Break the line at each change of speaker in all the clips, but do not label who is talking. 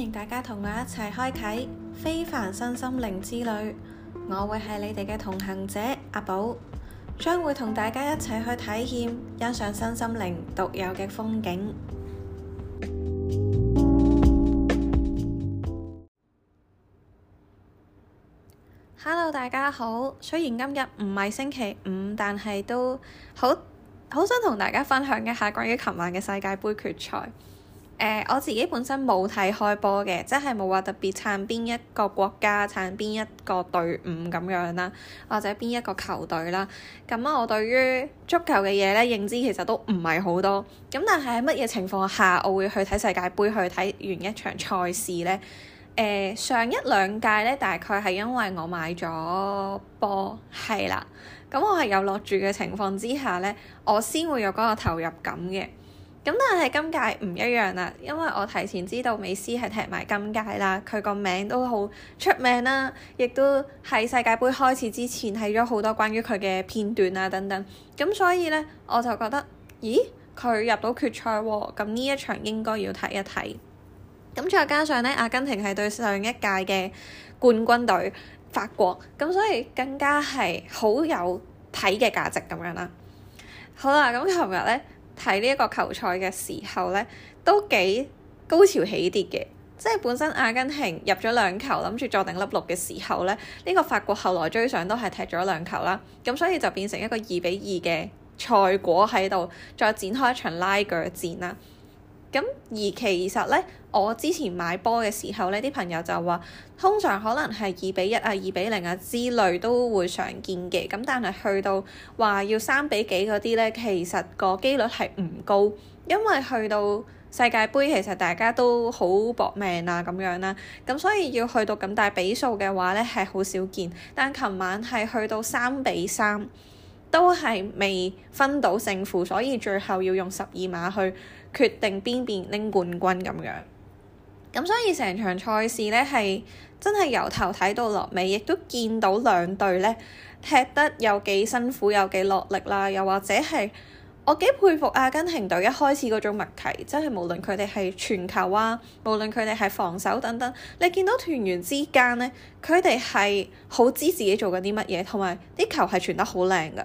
歡迎大家同我一齊開啟非凡身心靈之旅，我會係你哋嘅同行者阿寶，將會同大家一齊去體驗欣賞身心靈獨有嘅風景。Hello，大家好！雖然今日唔係星期五，但係都好好想同大家分享一下關於琴晚嘅世界盃決賽。誒、呃、我自己本身冇睇開波嘅，即係冇話特別撐邊一個國家、撐邊一個隊伍咁樣啦，或者邊一個球隊啦。咁我對於足球嘅嘢咧，認知其實都唔係好多。咁但係喺乜嘢情況下，我會去睇世界盃，去睇完一場賽事咧？誒、呃、上一兩屆咧，大概係因為我買咗波，係啦。咁我係有落住嘅情況之下咧，我先會有嗰個投入感嘅。咁但係今屆唔一樣啦，因為我提前知道美斯係踢埋今屆啦，佢個名都好出名啦，亦都喺世界盃開始之前睇咗好多關於佢嘅片段啊等等，咁所以呢，我就覺得，咦佢入到決賽喎，咁呢一場應該要睇一睇，咁再加上呢，阿根廷係對上一屆嘅冠軍隊法國，咁所以更加係好有睇嘅價值咁樣啦。好啦，咁琴日呢，睇呢一個球賽嘅時候呢，都幾高潮起跌嘅。即係本身阿根廷入咗兩球，諗住坐定粒六嘅時候咧，呢、呢個法國後來追上都係踢咗兩球啦。咁所以就變成一個二比二嘅賽果喺度，再展開一場拉鋸戰啦。咁而其實呢，我之前買波嘅時候呢啲朋友就話，通常可能係二比一啊、二比零啊之類都會常見嘅。咁但係去到話要三比幾嗰啲呢，其實個機率係唔高，因為去到世界盃，其實大家都好搏命啊，咁樣啦。咁所以要去到咁大比數嘅話呢，係好少見。但琴晚係去到三比三，都係未分到勝負，所以最後要用十二碼去決定邊邊拎冠軍咁樣，咁所以成場賽事咧係真係由頭睇到落尾，亦都見到兩隊咧踢得有幾辛苦，有幾落力啦。又或者係我幾佩服阿根廷隊一開始嗰種默契，真係無論佢哋係傳球啊，無論佢哋係防守等等，你見到團員之間咧，佢哋係好知自己做緊啲乜嘢，同埋啲球係傳得好靚嘅。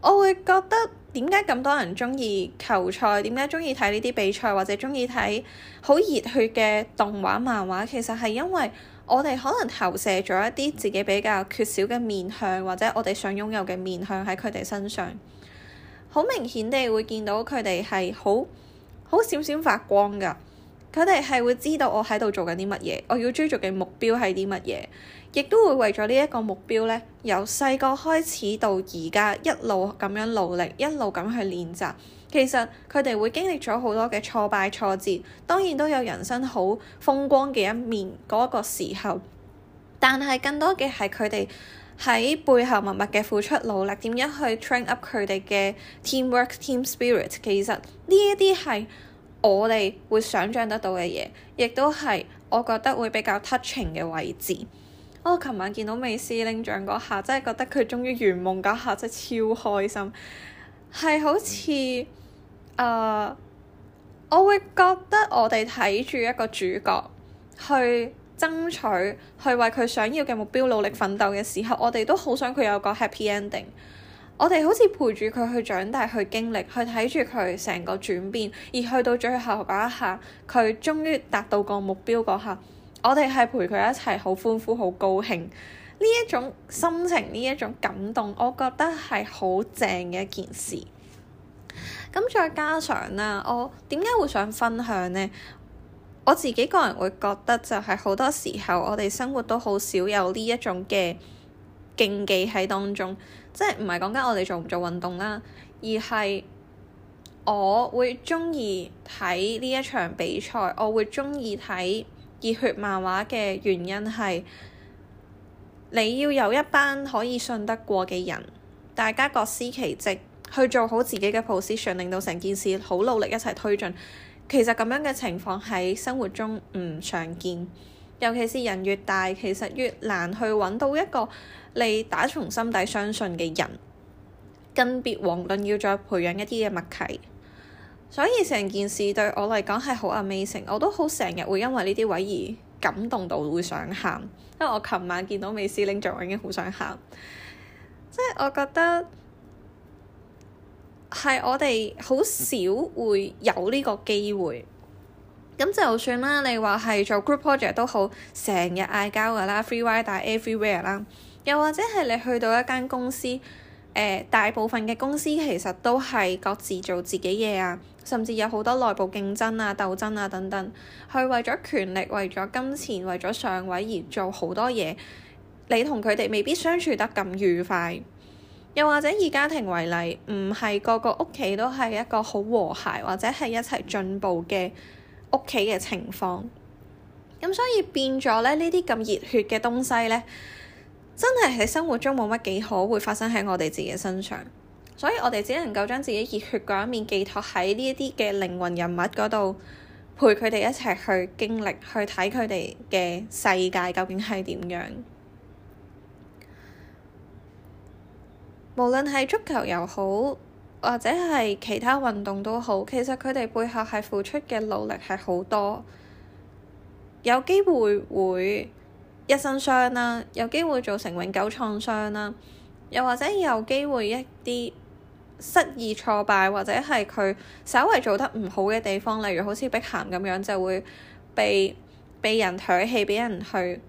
我會覺得。點解咁多人鍾意球賽？點解鍾意睇呢啲比賽，或者鍾意睇好熱血嘅動畫漫畫？其實係因為我哋可能投射咗一啲自己比較缺少嘅面向，或者我哋想擁有嘅面向喺佢哋身上。好明顯地會見到佢哋係好好閃閃發光㗎。佢哋係會知道我喺度做緊啲乜嘢，我要追逐嘅目標係啲乜嘢，亦都會為咗呢一個目標呢，由細個開始到而家一路咁樣努力，一路咁去練習。其實佢哋會經歷咗好多嘅挫敗挫折，當然都有人生好風光嘅一面嗰個時候，但係更多嘅係佢哋喺背後默默嘅付出努力，點樣去 train up 佢哋嘅 teamwork、team spirit。其實呢一啲係，我哋會想像得到嘅嘢，亦都係我覺得會比較 touching 嘅位置。我、哦、琴晚見到美斯拎獎嗰下，真係覺得佢終於圓夢嗰下，真係超開心。係好似誒、呃，我會覺得我哋睇住一個主角去爭取，去為佢想要嘅目標努力奮鬥嘅時候，我哋都好想佢有個 happy ending。我哋好似陪住佢去長大，去經歷，去睇住佢成個轉變，而去到最後嗰一下，佢終於達到個目標嗰下，我哋係陪佢一齊好歡呼，好高興。呢一種心情，呢一種感動，我覺得係好正嘅一件事。咁再加上啦，我點解會想分享呢？我自己個人會覺得就係好多時候，我哋生活都好少有呢一種嘅競技喺當中。即係唔係講緊我哋做唔做運動啦，而係我會鍾意睇呢一場比賽，我會鍾意睇熱血漫畫嘅原因係，你要有一班可以信得過嘅人，大家各司其職，去做好自己嘅 position，令到成件事好努力一齊推進。其實咁樣嘅情況喺生活中唔常見。尤其是人越大，其實越難去揾到一個你打從心底相信嘅人，更別遑論要再培養一啲嘅默契。所以成件事對我嚟講係好 amazing，我都好成日會因為呢啲位而感動到會想喊。因為我琴晚見到美斯攞獎，我已經好想喊。即係我覺得係我哋好少會有呢個機會。咁就算啦，你話係做 group project 都好，成日嗌交㗎啦。free ride 打 everywhere 啦，又或者係你去到一間公司，呃，大部分嘅公司其實都係各自做自己嘢啊，甚至有好多內部競爭啊、鬥爭啊等等，去為咗權力、為咗金錢、為咗上位而做好多嘢。你同佢哋未必相處得咁愉快，又或者以家庭為例，唔係個個屋企都係一個好和諧，或者係一齊進步嘅。屋企嘅情況，咁所以變咗咧，呢啲咁熱血嘅東西咧，真係喺生活中冇乜幾可會發生喺我哋自己身上，所以我哋只能夠將自己熱血嗰一面寄託喺呢一啲嘅靈魂人物嗰度，陪佢哋一齊去經歷，去睇佢哋嘅世界究竟係點樣，無論係足球又好。或者係其他運動都好，其實佢哋背後係付出嘅努力係好多，有機會會一身傷啦、啊，有機會造成永久創傷啦、啊，又或者有機會一啲失意挫敗，或者係佢稍微做得唔好嘅地方，例如好似碧咸咁樣就會被被人唾棄，被人去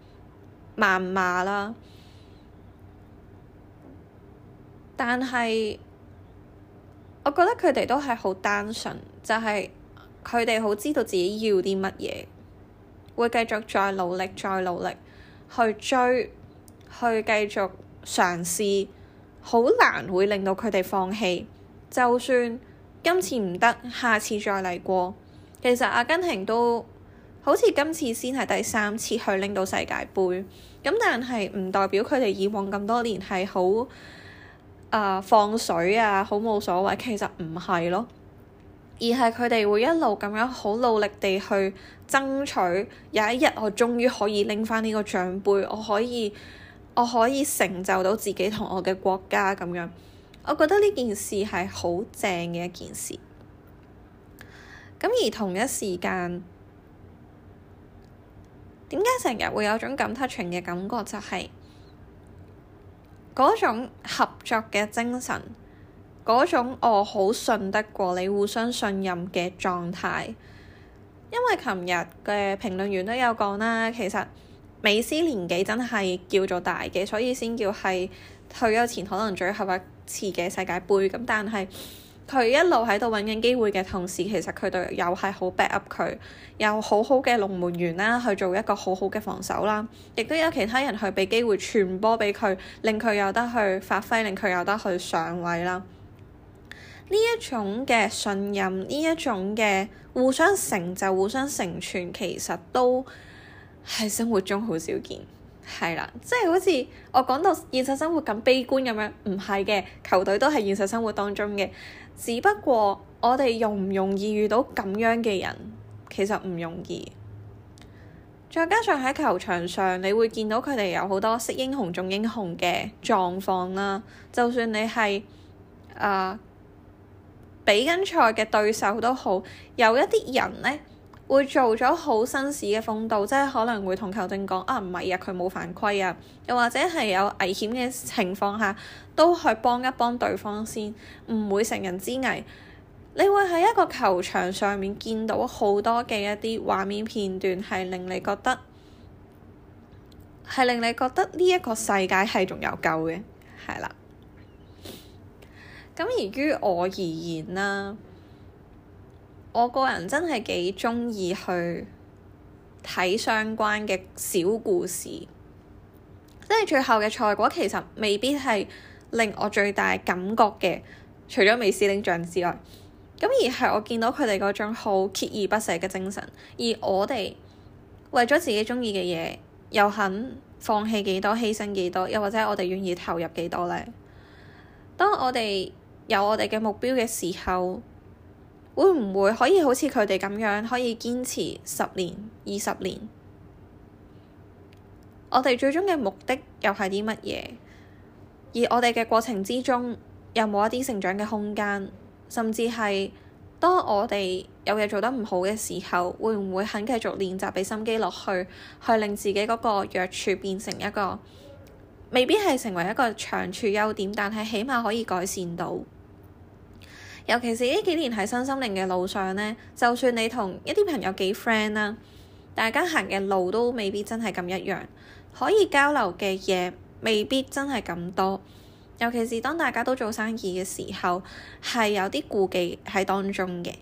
謾罵啦。但係。我覺得佢哋都係好單純，就係佢哋好知道自己要啲乜嘢，會繼續再努力、再努力去追，去繼續嘗試，好難會令到佢哋放棄。就算今次唔得，下次再嚟過。其實阿根廷都好似今次先係第三次去拎到世界盃，咁但係唔代表佢哋以往咁多年係好。啊！放水啊，好冇所謂，其實唔係咯，而係佢哋會一路咁樣好努力地去爭取，有一日我終於可以拎翻呢個獎杯，我可以，我可以成就到自己同我嘅國家咁樣。我覺得呢件事係好正嘅一件事。咁而同一時間，點解成日會有種感嘆情嘅感覺，就係，就係，嗰種合作嘅精神，嗰種我好信得過你互相信任嘅狀態，因為琴日嘅評論員都有講啦，其實美斯年紀真係叫做大嘅，所以先叫係退休前可能最後一次嘅世界盃，咁但係，佢一路喺度揾緊機會嘅同時，其實佢隊友係好 back up 佢，有好好嘅龍門員啦，去做一個好好嘅防守啦。亦都有其他人去俾機會傳波俾佢，令佢有得去發揮，令佢有得去上位啦。呢一種嘅信任，呢一種嘅互相成就、互相成全，其實都喺生活中好少見。係啦，即係好似我講到現實生活咁悲觀咁樣，唔係嘅，球隊都係現實生活當中嘅，只不過我哋容唔容易遇到咁樣嘅人，其實唔容易。再加上喺球場上，你會見到佢哋有好多識英雄重英雄嘅狀況啦。就算你係啊、呃，比緊賽嘅對手都好，有一啲人咧，會做咗好紳士嘅風度，即係可能會同球證講啊，唔係啊，佢冇犯規啊，又或者係有危險嘅情況下，都去幫一幫對方先，唔會成人之危。你會喺一個球場上面見到好多嘅一啲畫面片段，係令你覺得，係令你覺得呢一個世界係仲有救嘅，係啦。咁而於我而言啦。我個人真係幾中意去睇相關嘅小故事，即係最後嘅賽果其實未必係令我最大感覺嘅，除咗美斯領獎之外，咁而係我見到佢哋嗰種好鍥而不捨嘅精神，而我哋為咗自己中意嘅嘢，又肯放棄幾多、犧牲幾多，又或者我哋願意投入幾多呢？當我哋有我哋嘅目標嘅時候。會唔會可以好似佢哋咁樣，可以堅持十年、二十年？我哋最終嘅目的又係啲乜嘢？而我哋嘅過程之中，有冇一啲成長嘅空間？甚至係當我哋有嘢做得唔好嘅時候，會唔會肯繼續練習畀心機落去，去令自己嗰個弱處變成一個未必係成為一個長處優點，但係起碼可以改善到。尤其是呢幾年喺新心靈嘅路上呢，就算你同一啲朋友幾 friend 啦，大家行嘅路都未必真係咁一樣，可以交流嘅嘢未必真係咁多。尤其是當大家都做生意嘅時候，係有啲顧忌喺當中嘅，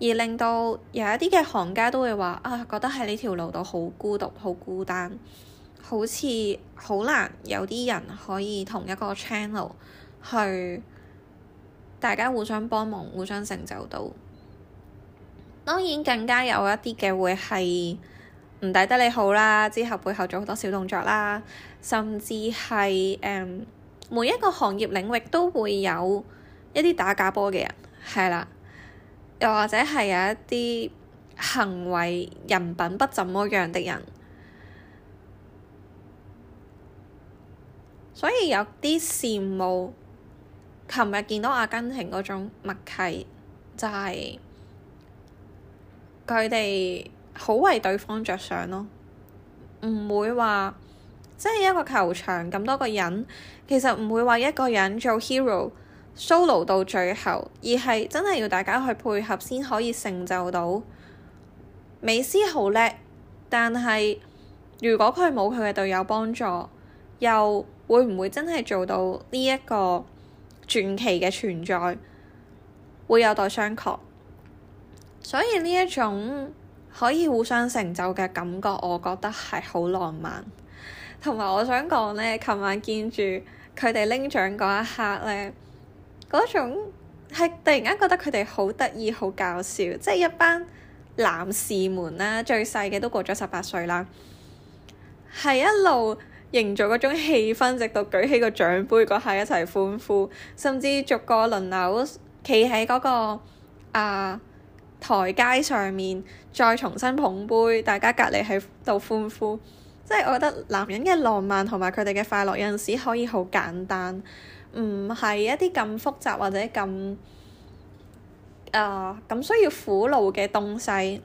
而令到有一啲嘅行家都會話啊，覺得喺呢條路度好孤獨、好孤單，好似好難有啲人可以同一個 channel 去。大家互相幫忙，互相成就到。當然更加有一啲嘅會係唔抵得你好啦，之後背後做好多小動作啦，甚至係誒、嗯、每一個行業領域都會有一啲打假波嘅人，係啦，又或者係有一啲行為人品不怎麼樣的人，所以有啲羨慕。琴日見到阿根廷嗰種默契，就係佢哋好為對方着想咯，唔會話即係一個球場咁多個人，其實唔會話一個人做 hero solo 到最後，而係真係要大家去配合先可以成就到。美斯好叻，但係如果佢冇佢嘅隊友幫助，又會唔會真係做到呢一個。傳奇嘅存在會有待商榷，所以呢一種可以互相成就嘅感覺，我覺得係好浪漫。同埋我想講咧，琴晚見住佢哋拎獎嗰一刻咧，嗰種係突然間覺得佢哋好得意、好搞笑，即係一班男士們啦，最細嘅都過咗十八歲啦，係一路，營造嗰種氣氛，直到舉起個獎杯嗰下一齊歡呼，甚至逐個輪流企喺嗰個啊、呃、台階上面，再重新捧杯，大家隔離喺度歡呼。即係我覺得男人嘅浪漫同埋佢哋嘅快樂有陣時可以好簡單，唔係一啲咁複雜或者咁啊咁需要苦惱嘅東西。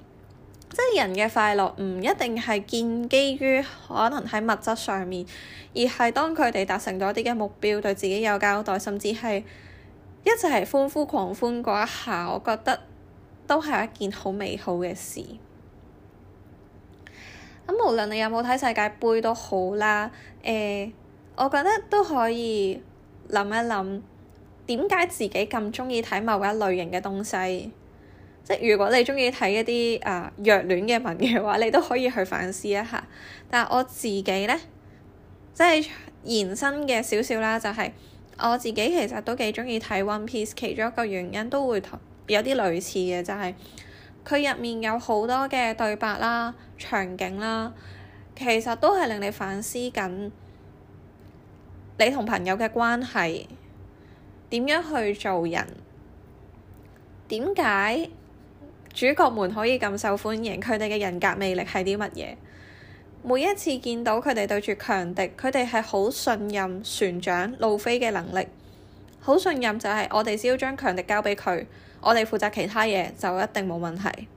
即係人嘅快樂唔一定係建基於可能喺物質上面，而係當佢哋達成咗啲嘅目標，對自己有交代，甚至係一直係歡呼狂歡嗰一下，我覺得都係一件好美好嘅事。咁無論你有冇睇世界盃都好啦，誒、呃，我覺得都可以諗一諗點解自己咁鍾意睇某一類型嘅東西。即係如果你中意睇一啲啊虐戀嘅文嘅話，你都可以去反思一下。但係我自己呢，即係延伸嘅少少啦，就係我自己其實都幾中意睇《One Piece》，其中一個原因都會同有啲類似嘅，就係佢入面有好多嘅對白啦、場景啦，其實都係令你反思緊你同朋友嘅關係，點樣去做人，點解，主角們可以咁受歡迎，佢哋嘅人格魅力係啲乜嘢？每一次見到佢哋對住強敵，佢哋係好信任船長路飛嘅能力，好信任就係我哋只要將強敵交俾佢，我哋負責其他嘢就一定冇問題。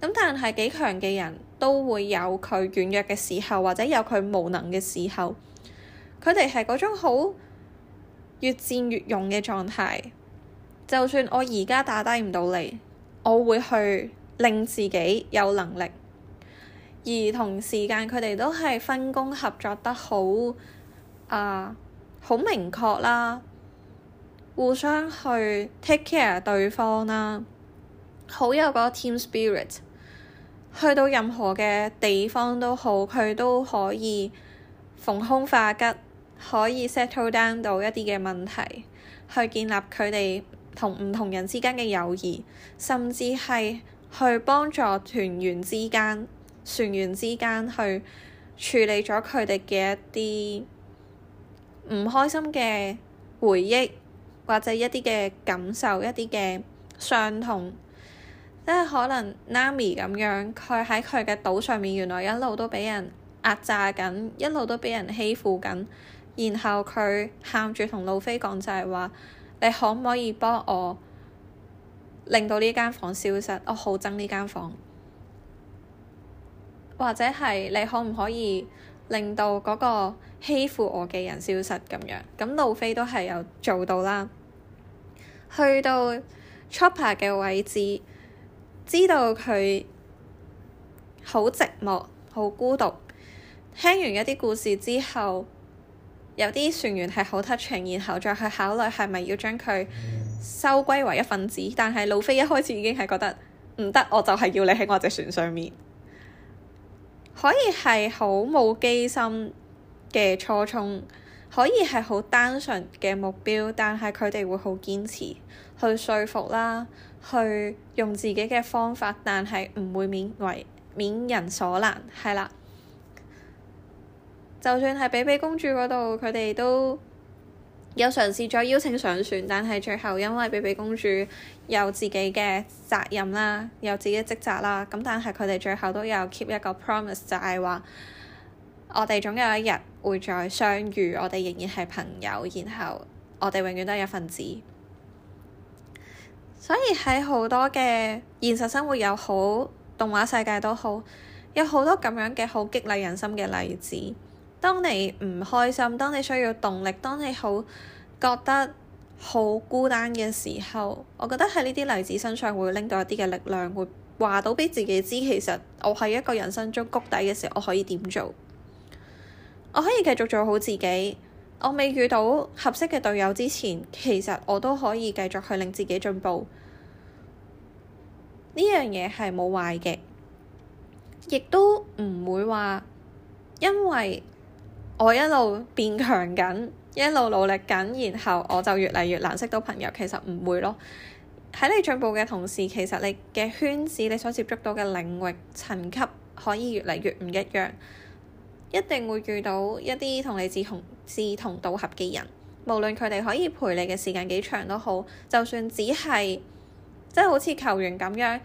咁但係幾強嘅人都會有佢軟弱嘅時候，或者有佢無能嘅時候，佢哋係嗰種好越戰越勇嘅狀態。就算我而家打低唔到你。我會去令自己有能力，而同時間佢哋都係分工合作得好啊，好、uh，好明確啦，互相去 take care 對方啦，好有個 team spirit，去到任何嘅地方都好，佢都可以逢凶化吉，可以 settle down 到一啲嘅問題，去建立佢哋。同唔同人之間嘅友誼，甚至係去幫助團員之間、船員之間去處理咗佢哋嘅一啲唔開心嘅回憶，或者一啲嘅感受、一啲嘅傷痛。即係可能 Nami 咁樣，佢喺佢嘅島上面，原來一路都俾人壓榨緊，一路都俾人欺負緊，然後佢喊住同路飛講就係話。你可唔可以幫我令到呢間房消失？我好憎呢間房，或者係你可唔可以令到嗰個欺負我嘅人消失咁樣？咁路飛都係有做到啦，去到 Chopper 嘅位置，知道佢好寂寞、好孤獨。聽完一啲故事之後。有啲船員係好 touching，然後再去考慮係咪要將佢收歸為一份子。但係路飛一開始已經係覺得唔得，我就係要你喺我隻船上面。可以係好冇機心嘅初衷，可以係好單純嘅目標，但係佢哋會好堅持去說服啦，去用自己嘅方法，但係唔會勉為勉人所難，係啦。就算係《比比公主》嗰度，佢哋都有嘗試再邀請上船，但係最後因為比比公主有自己嘅責任啦，有自己嘅職責啦。咁但係佢哋最後都有 keep 一個 promise，就係話我哋總有一日會再相遇，我哋仍然係朋友，然後我哋永遠都係一份子。所以喺好多嘅現實生活又好，動畫世界都好，有好多咁樣嘅好激勵人心嘅例子。當你唔開心，當你需要動力，當你好覺得好孤單嘅時候，我覺得喺呢啲例子身上會拎到一啲嘅力量，會話到俾自己知，其實我喺一個人生中谷底嘅時候，我可以點做？我可以繼續做好自己。我未遇到合適嘅隊友之前，其實我都可以繼續去令自己進步。呢樣嘢係冇壞嘅，亦都唔會話因為。我一路變強緊，一路努力緊，然後我就越嚟越難識到朋友。其實唔會咯，喺你進步嘅同時，其實你嘅圈子、你所接觸到嘅領域層級可以越嚟越唔一樣，一定會遇到一啲同你志同志同道合嘅人。無論佢哋可以陪你嘅時間幾長都好，就算只係，即係好似球員咁樣，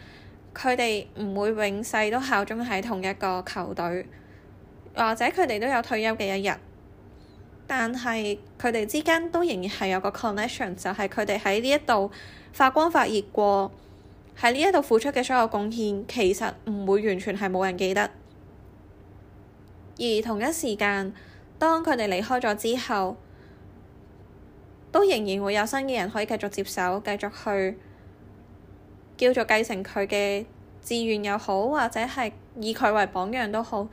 佢哋唔會永世都效忠喺同一個球隊。或者佢哋都有退休嘅一日，但係佢哋之間都仍然係有個 connection，就係佢哋喺呢一度發光發熱過，喺呢一度付出嘅所有貢獻，其實唔會完全係冇人記得。而同一時間，當佢哋離開咗之後，都仍然會有新嘅人可以繼續接手，繼續去叫做繼承佢嘅志願又好，或者係以佢為榜樣都好。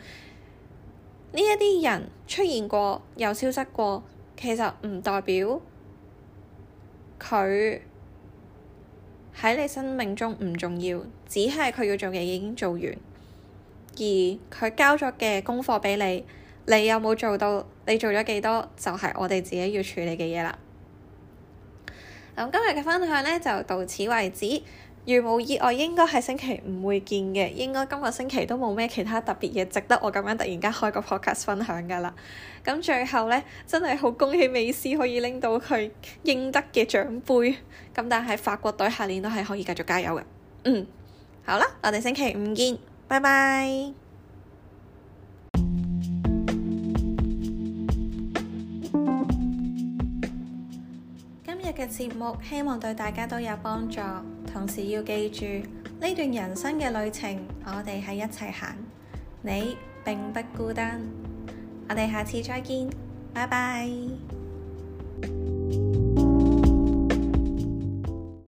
呢一啲人出現過又消失過，其實唔代表佢喺你生命中唔重要，只係佢要做嘅嘢已經做完，而佢交咗嘅功課畀你，你有冇做到？你做咗幾多？就係我哋自己要處理嘅嘢啦。咁今日嘅分享呢，就到此為止。如無意外，應該係星期五會見嘅。應該今個星期都冇咩其他特別嘢值得我咁樣突然間開個 podcast 分享㗎啦。咁最後呢，真係好恭喜美斯可以拎到佢應得嘅獎杯。咁但係法國隊下年都係可以繼續加油嘅。嗯，好啦，我哋星期五見，拜拜。今日嘅節目希望對大家都有幫助。同時要記住，呢段人生嘅旅程，我哋喺一齊行，你並不孤單。我哋下次再見，拜拜。